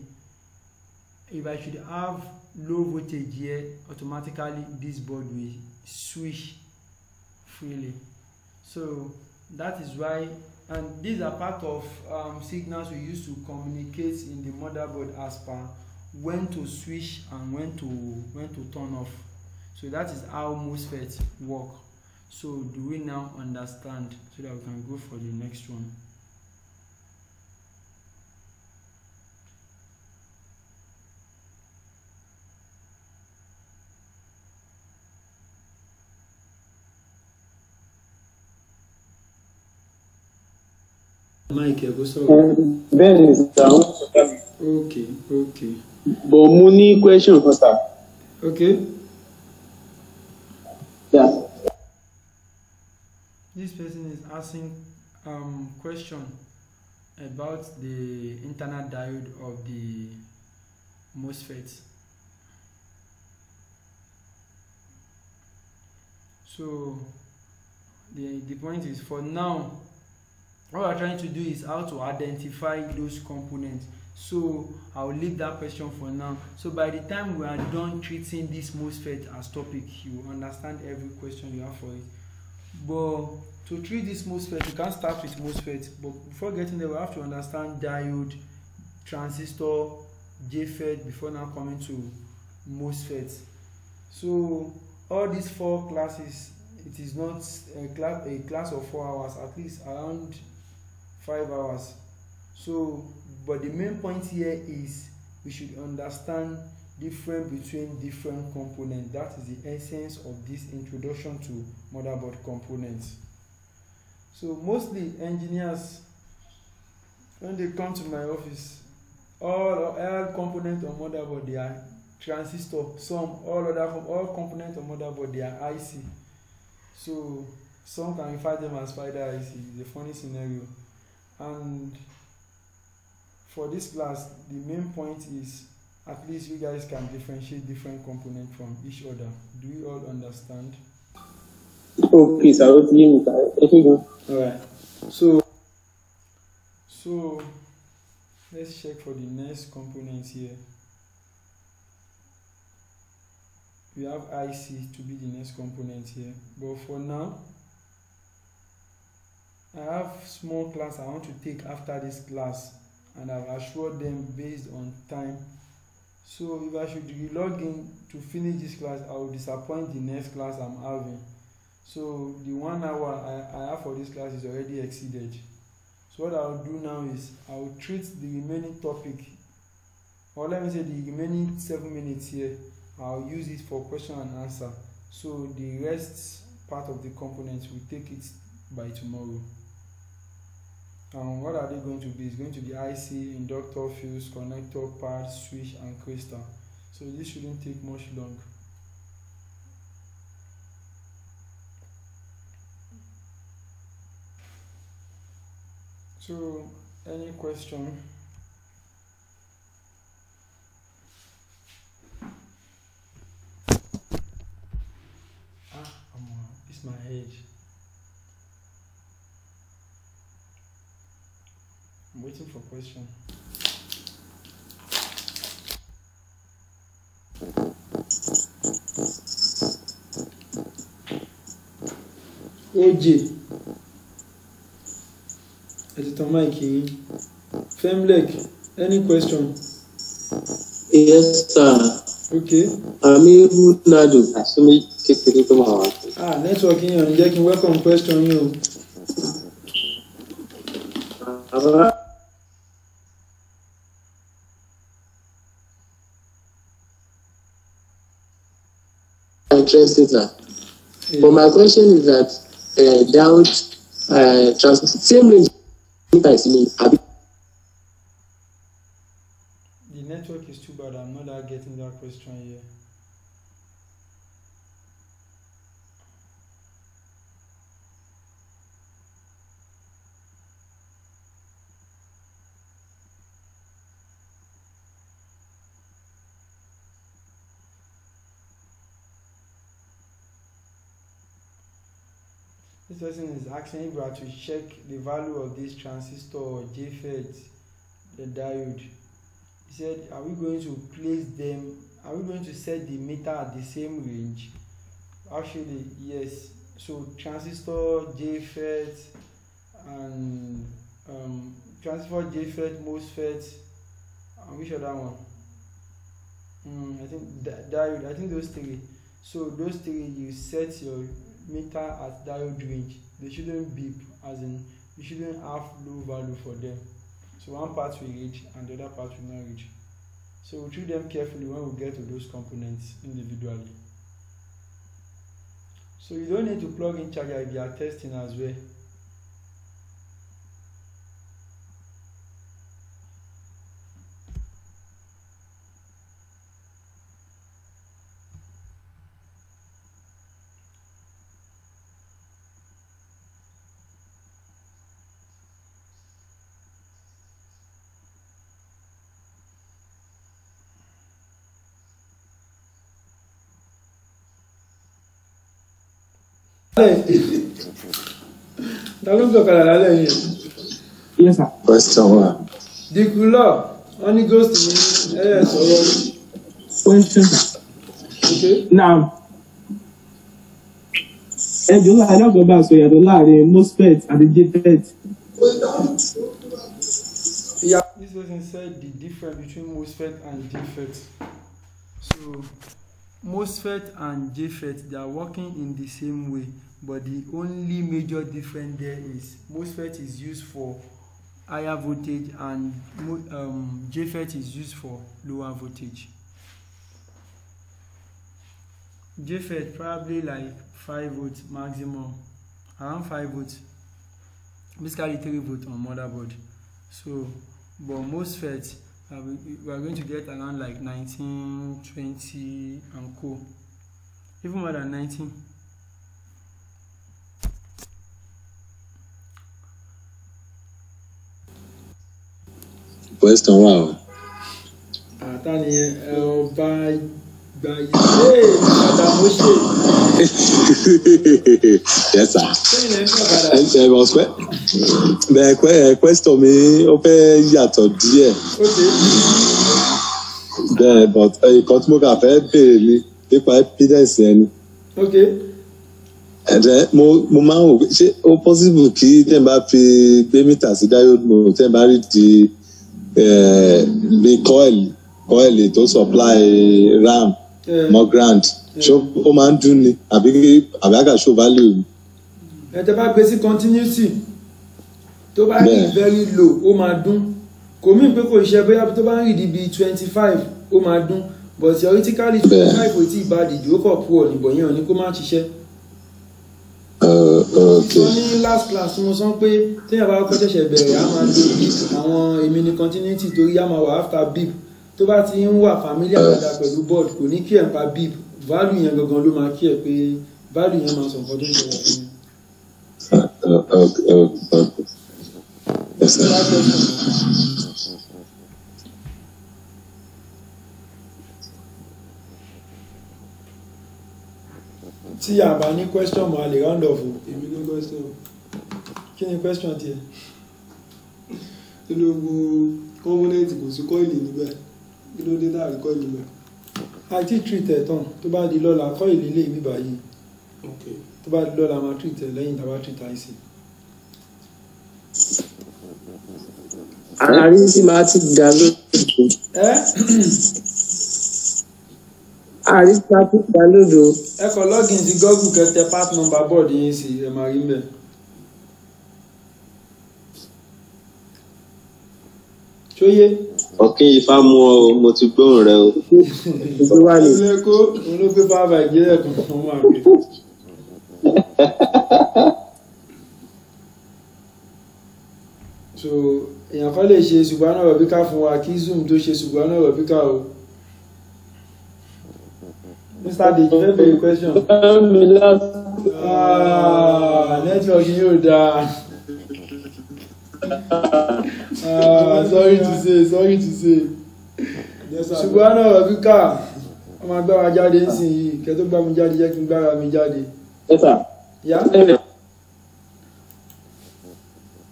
if I should have low voltage here automatically this board will switch freely so that is why and these are part of um, signals we use to communicate in the motherboard as per when to switch and when to when to turn off so that is how MOSFETs work so do we now understand so that we can go for the next one Mike ẹ̀kú sọ̀rọ̀. Mm, bẹ́ẹ̀ ni sà ń sọ̀rọ̀ mi. ok ok. bọ̀ mo ní question kan sà. ok. Yeah. This person is asking um, question about the internal diode of the MOSFET. So the the point is for now what are trying to do is how to identify those components so I will leave that question for now so by the time we are done treating this MOSFET as topic you will understand every question you have for it but to treat this MOSFET you can start with MOSFET but before getting there we have to understand diode transistor JFET before now coming to MOSFET so all these four classes it is not a class a class of four hours at least around five hours so but the main point here is we should understand different between different components that is the essence of this introduction to motherboard components so mostly engineers when they come to my office all all components of motherboard they are transistor some all other all components of motherboard they are IC so some can refer them as spider IC it's a funny scenario and for this class the main point is at least you guys can differentiate different components from each other do you all understand okay sir o ti yé All right. so so let's check for the next component here we have IC to be the next component here but for now I have small class I want to take after this class and I've assured them based on time. So if I should log in to finish this class, I will disappoint the next class I'm having. So the one hour I, I have for this class is already exceeded. So what I'll do now is I'll treat the remaining topic or let me say the remaining seven minutes here, I'll use it for question and answer. So the rest part of the components will take it by tomorrow. um, what are they going to be? It's going to be IC, inductor, fuse, connector, pad, switch, and crystal. So this shouldn't take much long. So any question? Ah, come on, it's my age. I'm waiting for question. AJ editor Mike Femlek any question. Yes sir. Okay. Àmì Nadu Àsúnmí kékeré tó máa wà. Ah networking. yẹn welcome question you. o. Àbá. translator. Yeah. But my question is that uh, doubt uh, eh, trans same range is me. The network is too bad. I'm not getting that question here. This person is asking if we are to check the value of this transistor or JFET, the diode. He said, are we going to place them? Are we going to set the meter at the same range? Actually, yes. So transistor, JFET, and um, transistor, JFET, MOSFET, and which other one? Mm, I think di diode. I think those three. So those three, you set your meter at diode range they shouldn't beep as in you shouldn't have low value for them so one part will reach and the other part will not reach so we treat them carefully when we get to those components individually so you don't need to plug in charger if you are testing as well ta ló ń sọ̀kalà lálẹ́ yes sir. question wa. dikula wọn ní ghost mi ẹ ẹ sọ̀rọ̀. question sir. okay. now ẹjọ́ láàrin ọ̀gbọ́nba sọ yàtọ̀ láàrin mospet àti jpet. Yeah, this person said the difference between MOSFET and jpet. So Mosfet and JFET, they are working in the same way, but the only major difference there is MOSFET is used for higher voltage and um, JFET is used for lower voltage. JFET probably like 5 volts maximum, around 5 volts, basically 3 volts on motherboard. So, but MOSFET uh, we, we are going to get around like 19 20 and co even more than 19 question wow. àtàníyàn ẹ ọba Guy. Hey, Madame Moshe. yes, sir. Ẹ bọ̀ pẹ́. Bẹ́ẹ̀ pẹ́ question mi ó fẹ́ yàtọ̀ díẹ̀. Bẹ́ẹ̀ but nǹkan tí mo kà fẹ́ béèrè ni nípa epidence ẹni. Ẹ̀dẹ̀ mo mo máa ń wò pé ṣé ó possible kí tẹ̀ bá fi gbé mítà sí diode mo tẹ̀ bá rí di bí coil coil tó supply ram mọ grand ṣó ó máa ń dún ni àbí àbágà ṣó bá lè wù. ẹ tẹ bá gbé sí continuity tó bá rí very low ó máa dún kò mí pé kò ṣe bóyá tó bá rí di bíi twenty five ó máa dún but theoretically twenty five kò tí ì bá dìde ó kọ̀ pọ̀ nìbọ̀ yẹn ò ní kó má ṣiṣẹ́. mo ní last class mo sọ pé téèyàn bá kọ́ ṣẹ̀ṣẹ̀ bẹ̀rẹ̀ á máa lo àwọn èmi ní continuity torí á máa wà after bip tó bá ti ń wà familiar dada pẹ̀lú board kò ní kí ẹ̀ pa bip value yẹn gangan ló máa kí ẹ pé value yẹn máa sọ nǹkan tó ń bọ̀ fún mi. tí a bá ní question mo a lè round off o èmi ló question kí ni question tiẹ̀. nínú gbogbo kọ́mọ́nẹ́ẹ̀tì kò sí kọ́ìlì níbẹ̀ kí ló dé dáa kọ́ ìlú mọ́ àti treat ẹ̀ tán tó bá di lọ́la kọ́ ìlú ilé mi báyìí tó bá di lọ́la máa treat ẹ̀ lẹ́yìn tá a bá treat àìsàn. ara rí sí máa ti dà lódò. àrí máa ti dà lódò. ẹ kọ login sí google kẹtẹ part number board yín sí ẹ máa rí mbẹ. ṣóyé ọ̀kín ifá mú ọ o mo ti gbóhùn rẹ o. ìlẹ́kọ̀ọ́ ló gbé bá nàìjíríà kan fún wa. so èèyàn kan lè ṣe ṣùgbọ́n náà rọ̀bíkà fún wa kí zoom tó ṣe ṣùgbọ́n náà rọ̀bíkà o. Mr. Deji fẹ́ bẹ̀rẹ̀ question. Ah, network yóò dáa ah sorry to say sorry to say ṣùgbọ́n náà rọ́bíkà ọmọ agbára jáde nísìnyí kẹ́ tó gbá mi jáde jẹ́ kí n gbára mi jáde. yá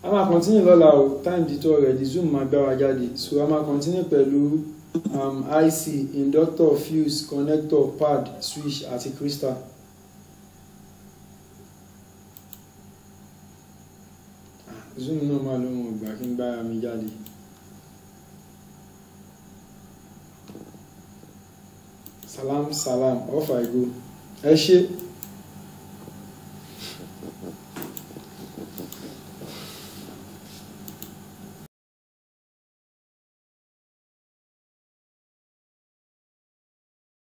a máa kọ́ntínì lọ́la o time di tó already zoom máa gbára jáde so a máa kọ́ntínì pẹ̀lú um, IC inductor fuse connector pad switch àti crystal. zoom náà máa lóhun ìgbà kí n gbára mi jáde. salam salam off I go ẹ ṣé.